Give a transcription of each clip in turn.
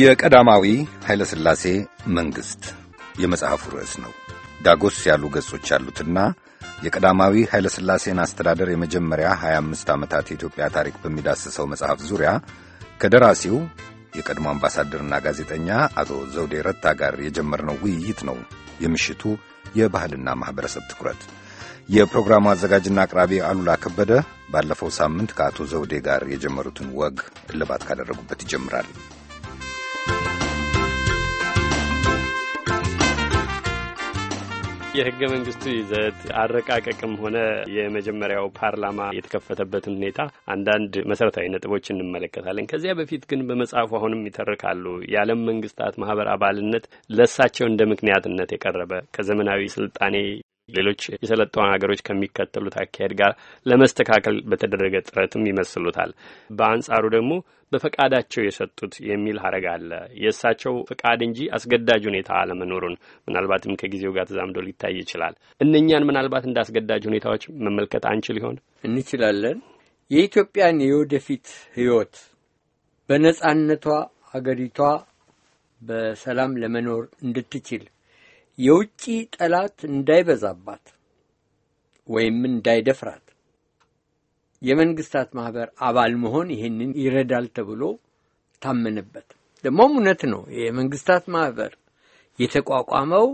የቀዳማዊ ኃይለ ሥላሴ መንግሥት የመጽሐፉ ርዕስ ነው። ዳጎስ ያሉ ገጾች ያሉትና የቀዳማዊ ኃይለ ሥላሴን አስተዳደር የመጀመሪያ 25 ዓመታት የኢትዮጵያ ታሪክ በሚዳስሰው መጽሐፍ ዙሪያ ከደራሲው የቀድሞ አምባሳደርና ጋዜጠኛ አቶ ዘውዴ ረታ ጋር የጀመርነው ውይይት ነው የምሽቱ የባህልና ማኅበረሰብ ትኩረት። የፕሮግራሙ አዘጋጅና አቅራቢ አሉላ ከበደ ባለፈው ሳምንት ከአቶ ዘውዴ ጋር የጀመሩትን ወግ እልባት ካደረጉበት ይጀምራል። የህገ መንግስቱ ይዘት አረቃቀቅም ሆነ የመጀመሪያው ፓርላማ የተከፈተበትን ሁኔታ አንዳንድ መሰረታዊ ነጥቦች እንመለከታለን። ከዚያ በፊት ግን በመጽሐፉ አሁንም ይተርካሉ። የዓለም መንግስታት ማህበር አባልነት ለሳቸው እንደ ምክንያትነት የቀረበ ከዘመናዊ ስልጣኔ ሌሎች የሰለጠኑ ሀገሮች ከሚከተሉት አካሄድ ጋር ለመስተካከል በተደረገ ጥረትም ይመስሉታል። በአንጻሩ ደግሞ በፈቃዳቸው የሰጡት የሚል ሀረግ አለ። የእሳቸው ፈቃድ እንጂ አስገዳጅ ሁኔታ አለመኖሩን ምናልባትም ከጊዜው ጋር ተዛምዶ ሊታይ ይችላል። እነኛን ምናልባት እንደ አስገዳጅ ሁኔታዎች መመልከት አንችል ይሆን? እንችላለን። የኢትዮጵያን የወደፊት ህይወት በነጻነቷ አገሪቷ በሰላም ለመኖር እንድትችል የውጪ ጠላት እንዳይበዛባት ወይም እንዳይደፍራት የመንግስታት ማህበር አባል መሆን ይህንን ይረዳል ተብሎ ታመነበት። ደግሞም እውነት ነው። የመንግስታት ማህበር የተቋቋመው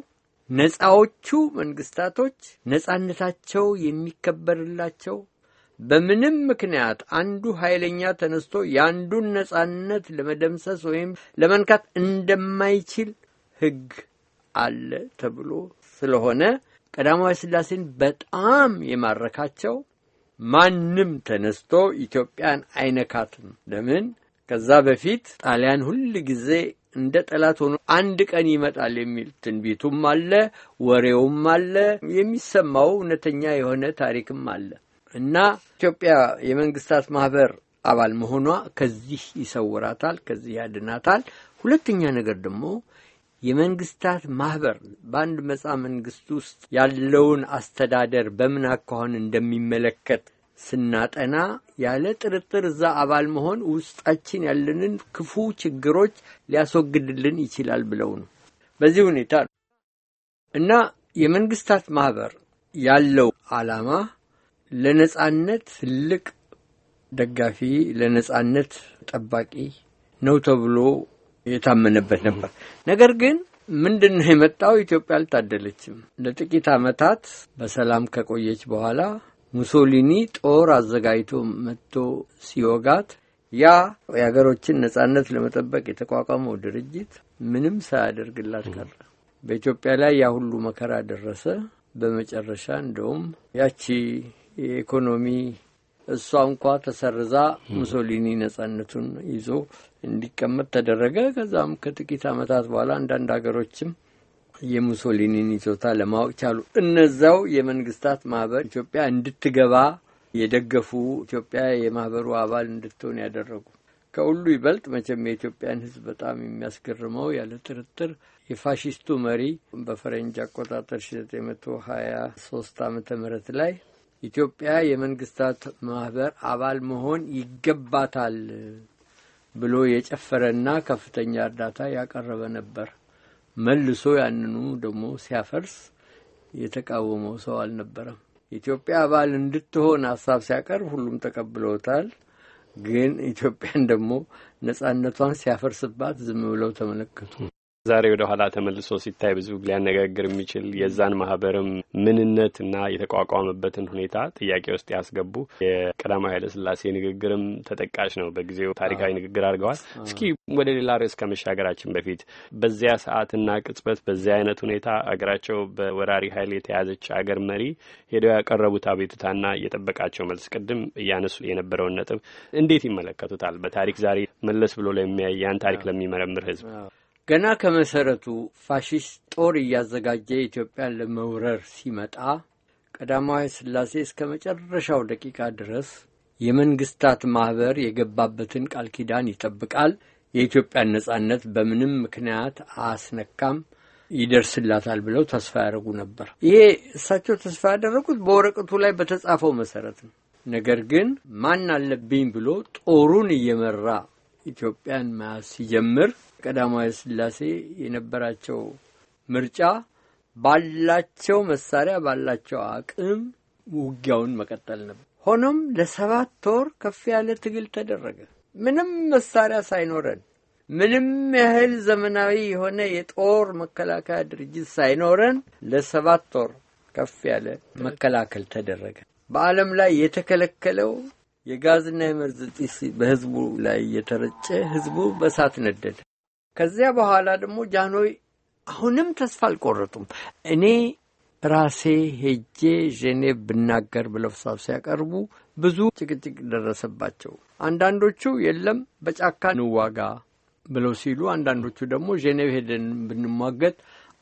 ነፃዎቹ መንግስታቶች ነፃነታቸው የሚከበርላቸው በምንም ምክንያት አንዱ ኃይለኛ ተነስቶ የአንዱን ነፃነት ለመደምሰስ ወይም ለመንካት እንደማይችል ሕግ አለ ተብሎ ስለሆነ ቀዳማዊ ስላሴን በጣም የማረካቸው ማንም ተነስቶ ኢትዮጵያን አይነካትም። ለምን? ከዛ በፊት ጣሊያን ሁል ጊዜ እንደ ጠላት ሆኖ አንድ ቀን ይመጣል የሚል ትንቢቱም አለ፣ ወሬውም አለ፣ የሚሰማው እውነተኛ የሆነ ታሪክም አለ እና ኢትዮጵያ የመንግስታት ማህበር አባል መሆኗ ከዚህ ይሰውራታል፣ ከዚህ ያድናታል። ሁለተኛ ነገር ደግሞ የመንግስታት ማህበር በአንድ መጻ መንግስት ውስጥ ያለውን አስተዳደር በምን አኳኋን እንደሚመለከት ስናጠና ያለ ጥርጥር እዛ አባል መሆን ውስጣችን ያለንን ክፉ ችግሮች ሊያስወግድልን ይችላል ብለው ነው። በዚህ ሁኔታ ነው እና የመንግስታት ማህበር ያለው ዓላማ ለነጻነት ትልቅ ደጋፊ፣ ለነጻነት ጠባቂ ነው ተብሎ የታመነበት ነበር። ነገር ግን ምንድን ነው የመጣው? ኢትዮጵያ አልታደለችም። ለጥቂት ዓመታት በሰላም ከቆየች በኋላ ሙሶሊኒ ጦር አዘጋጅቶ መጥቶ ሲወጋት ያ የሀገሮችን ነጻነት ለመጠበቅ የተቋቋመው ድርጅት ምንም ሳያደርግላት ቀረ። በኢትዮጵያ ላይ ያ ሁሉ መከራ ደረሰ። በመጨረሻ እንደውም ያቺ የኢኮኖሚ እሷ እንኳ ተሰርዛ ሙሶሊኒ ነጻነቱን ይዞ እንዲቀመጥ ተደረገ። ከዛም ከጥቂት ዓመታት በኋላ አንዳንድ ሀገሮችም የሙሶሊኒን ይዞታ ለማወቅ ቻሉ። እነዛው የመንግስታት ማህበር ኢትዮጵያ እንድትገባ የደገፉ ኢትዮጵያ የማህበሩ አባል እንድትሆን ያደረጉ ከሁሉ ይበልጥ መቼም የኢትዮጵያን ሕዝብ በጣም የሚያስገርመው ያለ ጥርጥር የፋሽስቱ መሪ በፈረንጅ አቆጣጠር ሺ ዘጠኝ መቶ ሀያ ሶስት ምህረት ላይ ኢትዮጵያ የመንግስታት ማህበር አባል መሆን ይገባታል ብሎ የጨፈረና ከፍተኛ እርዳታ ያቀረበ ነበር። መልሶ ያንኑ ደግሞ ሲያፈርስ የተቃወመው ሰው አልነበረም። ኢትዮጵያ አባል እንድትሆን ሀሳብ ሲያቀርብ ሁሉም ተቀብለውታል። ግን ኢትዮጵያን ደግሞ ነጻነቷን ሲያፈርስባት ዝም ብለው ተመለከቱ። ዛሬ ወደ ኋላ ተመልሶ ሲታይ ብዙ ሊያነጋግር የሚችል የዛን ማህበርም ምንነት እና የተቋቋመበትን ሁኔታ ጥያቄ ውስጥ ያስገቡ የቀዳማዊ ኃይለስላሴ ንግግርም ተጠቃሽ ነው። በጊዜው ታሪካዊ ንግግር አድርገዋል። እስኪ ወደ ሌላ ርዕስ ከመሻገራችን በፊት በዚያ ሰዓትና ቅጽበት በዚያ አይነት ሁኔታ አገራቸው በወራሪ ኃይል የተያዘች አገር መሪ ሄደው ያቀረቡት አቤቱታና የጠበቃቸው መልስ ቅድም እያነሱ የነበረውን ነጥብ እንዴት ይመለከቱታል? በታሪክ ዛሬ መለስ ብሎ ለሚያያን ታሪክ ለሚመረምር ህዝብ ገና ከመሰረቱ ፋሽስት ጦር እያዘጋጀ ኢትዮጵያን ለመውረር ሲመጣ ቀዳማዊ ስላሴ እስከ መጨረሻው ደቂቃ ድረስ የመንግስታት ማኅበር የገባበትን ቃል ኪዳን ይጠብቃል። የኢትዮጵያን ነጻነት በምንም ምክንያት አያስነካም፣ ይደርስላታል ብለው ተስፋ ያደረጉ ነበር። ይሄ እሳቸው ተስፋ ያደረጉት በወረቀቱ ላይ በተጻፈው መሰረት ነው። ነገር ግን ማን አለብኝ ብሎ ጦሩን እየመራ ኢትዮጵያን መያዝ ሲጀምር ቀዳማዊ ስላሴ የነበራቸው ምርጫ ባላቸው መሳሪያ ባላቸው አቅም ውጊያውን መቀጠል ነበር። ሆኖም ለሰባት ወር ከፍ ያለ ትግል ተደረገ። ምንም መሳሪያ ሳይኖረን ምንም ያህል ዘመናዊ የሆነ የጦር መከላከያ ድርጅት ሳይኖረን ለሰባት ወር ከፍ ያለ መከላከል ተደረገ። በዓለም ላይ የተከለከለው የጋዝና የመርዝ ጢስ በህዝቡ ላይ እየተረጨ ህዝቡ በእሳት ነደደ። ከዚያ በኋላ ደግሞ ጃንሆይ አሁንም ተስፋ አልቆረጡም። እኔ ራሴ ሄጄ ዤኔቭ ብናገር ብለው ሀሳብ ሲያቀርቡ ብዙ ጭቅጭቅ ደረሰባቸው። አንዳንዶቹ የለም በጫካ እንዋጋ ብለው ሲሉ፣ አንዳንዶቹ ደግሞ ዤኔቭ ሄደን ብንሟገት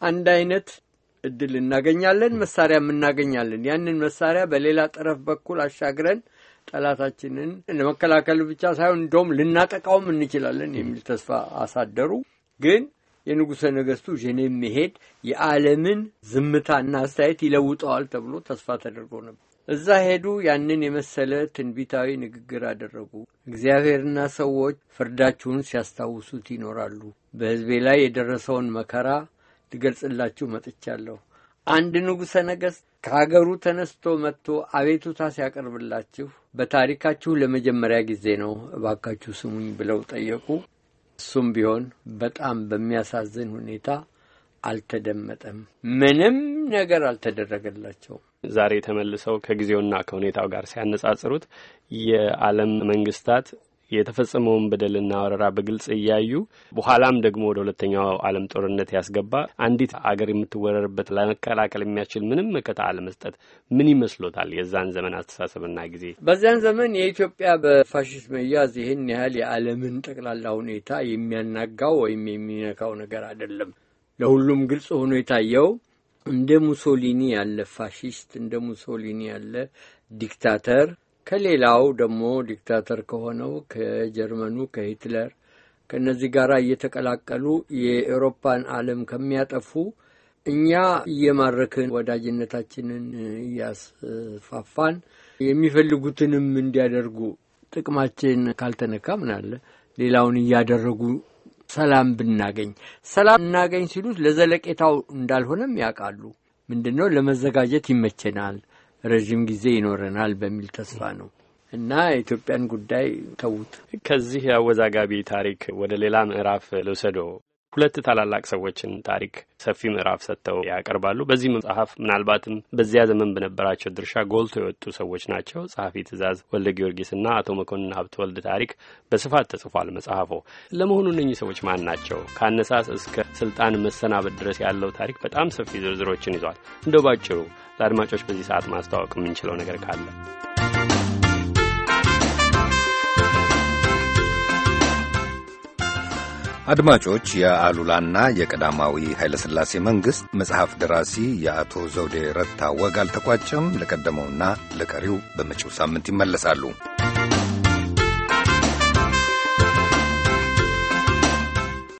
አንድ አይነት እድል እናገኛለን፣ መሳሪያም እናገኛለን። ያንን መሳሪያ በሌላ ጠረፍ በኩል አሻግረን ጠላታችንን ለመከላከል ብቻ ሳይሆን እንደውም ልናጠቃውም እንችላለን የሚል ተስፋ አሳደሩ። ግን የንጉሠ ነገሥቱ ዤኔቭ መሄድ የዓለምን ዝምታና አስተያየት ይለውጠዋል ተብሎ ተስፋ ተደርጎ ነበር። እዛ ሄዱ። ያንን የመሰለ ትንቢታዊ ንግግር አደረጉ። እግዚአብሔርና ሰዎች ፍርዳችሁን ሲያስታውሱት ይኖራሉ። በሕዝቤ ላይ የደረሰውን መከራ ልገልጽላችሁ መጥቻለሁ። አንድ ንጉሠ ነገሥት ከአገሩ ተነስቶ መጥቶ አቤቱታ ሲያቀርብላችሁ በታሪካችሁ ለመጀመሪያ ጊዜ ነው፣ እባካችሁ ስሙኝ ብለው ጠየቁ። እሱም ቢሆን በጣም በሚያሳዝን ሁኔታ አልተደመጠም። ምንም ነገር አልተደረገላቸውም። ዛሬ ተመልሰው ከጊዜውና ከሁኔታው ጋር ሲያነጻጽሩት የዓለም መንግስታት የተፈጸመውን በደልና ወረራ በግልጽ እያዩ በኋላም ደግሞ ወደ ሁለተኛው ዓለም ጦርነት ያስገባ አንዲት አገር የምትወረርበት ለመከላከል የሚያስችል ምንም መከታ አለመስጠት ምን ይመስሎታል? የዛን ዘመን አስተሳሰብና ጊዜ በዚያን ዘመን የኢትዮጵያ በፋሽስት መያዝ ይህን ያህል የዓለምን ጠቅላላ ሁኔታ የሚያናጋው ወይም የሚነካው ነገር አይደለም። ለሁሉም ግልጽ ሆኖ የታየው እንደ ሙሶሊኒ ያለ ፋሽስት እንደ ሙሶሊኒ ያለ ዲክታተር ከሌላው ደግሞ ዲክታተር ከሆነው ከጀርመኑ ከሂትለር ከእነዚህ ጋር እየተቀላቀሉ የኤውሮፓን ዓለም ከሚያጠፉ እኛ እየማረክን ወዳጅነታችንን እያስፋፋን የሚፈልጉትንም እንዲያደርጉ ጥቅማችን ካልተነካ አለ? ሌላውን እያደረጉ ሰላም ብናገኝ ሰላም እናገኝ ሲሉት ለዘለቄታው እንዳልሆነም ያውቃሉ። ምንድን ነው ለመዘጋጀት ይመቸናል ረዥም ጊዜ ይኖረናል በሚል ተስፋ ነው እና የኢትዮጵያን ጉዳይ ተዉት። ከዚህ አወዛጋቢ ታሪክ ወደ ሌላ ምዕራፍ ልውሰዶ ሁለት ታላላቅ ሰዎችን ታሪክ ሰፊ ምዕራፍ ሰጥተው ያቀርባሉ። በዚህ መጽሐፍ ምናልባትም በዚያ ዘመን በነበራቸው ድርሻ ጎልቶ የወጡ ሰዎች ናቸው። ጸሐፊ ትእዛዝ ወልደ ጊዮርጊስና አቶ መኮንን ሀብተ ወልድ ታሪክ በስፋት ተጽፏል መጽሐፎ። ለመሆኑ እነኚህ ሰዎች ማን ናቸው? ከአነሳስ እስከ ስልጣን መሰናበት ድረስ ያለው ታሪክ በጣም ሰፊ ዝርዝሮችን ይዟል። እንደው ባጭሩ ለአድማጮች በዚህ ሰዓት ማስተዋወቅ የምንችለው ነገር ካለ አድማጮች የአሉላና የቀዳማዊ ኃይለሥላሴ መንግሥት መጽሐፍ ደራሲ የአቶ ዘውዴ ረታ ወግ አልተቋጨም። ለቀደመውና ለቀሪው በመጪው ሳምንት ይመለሳሉ።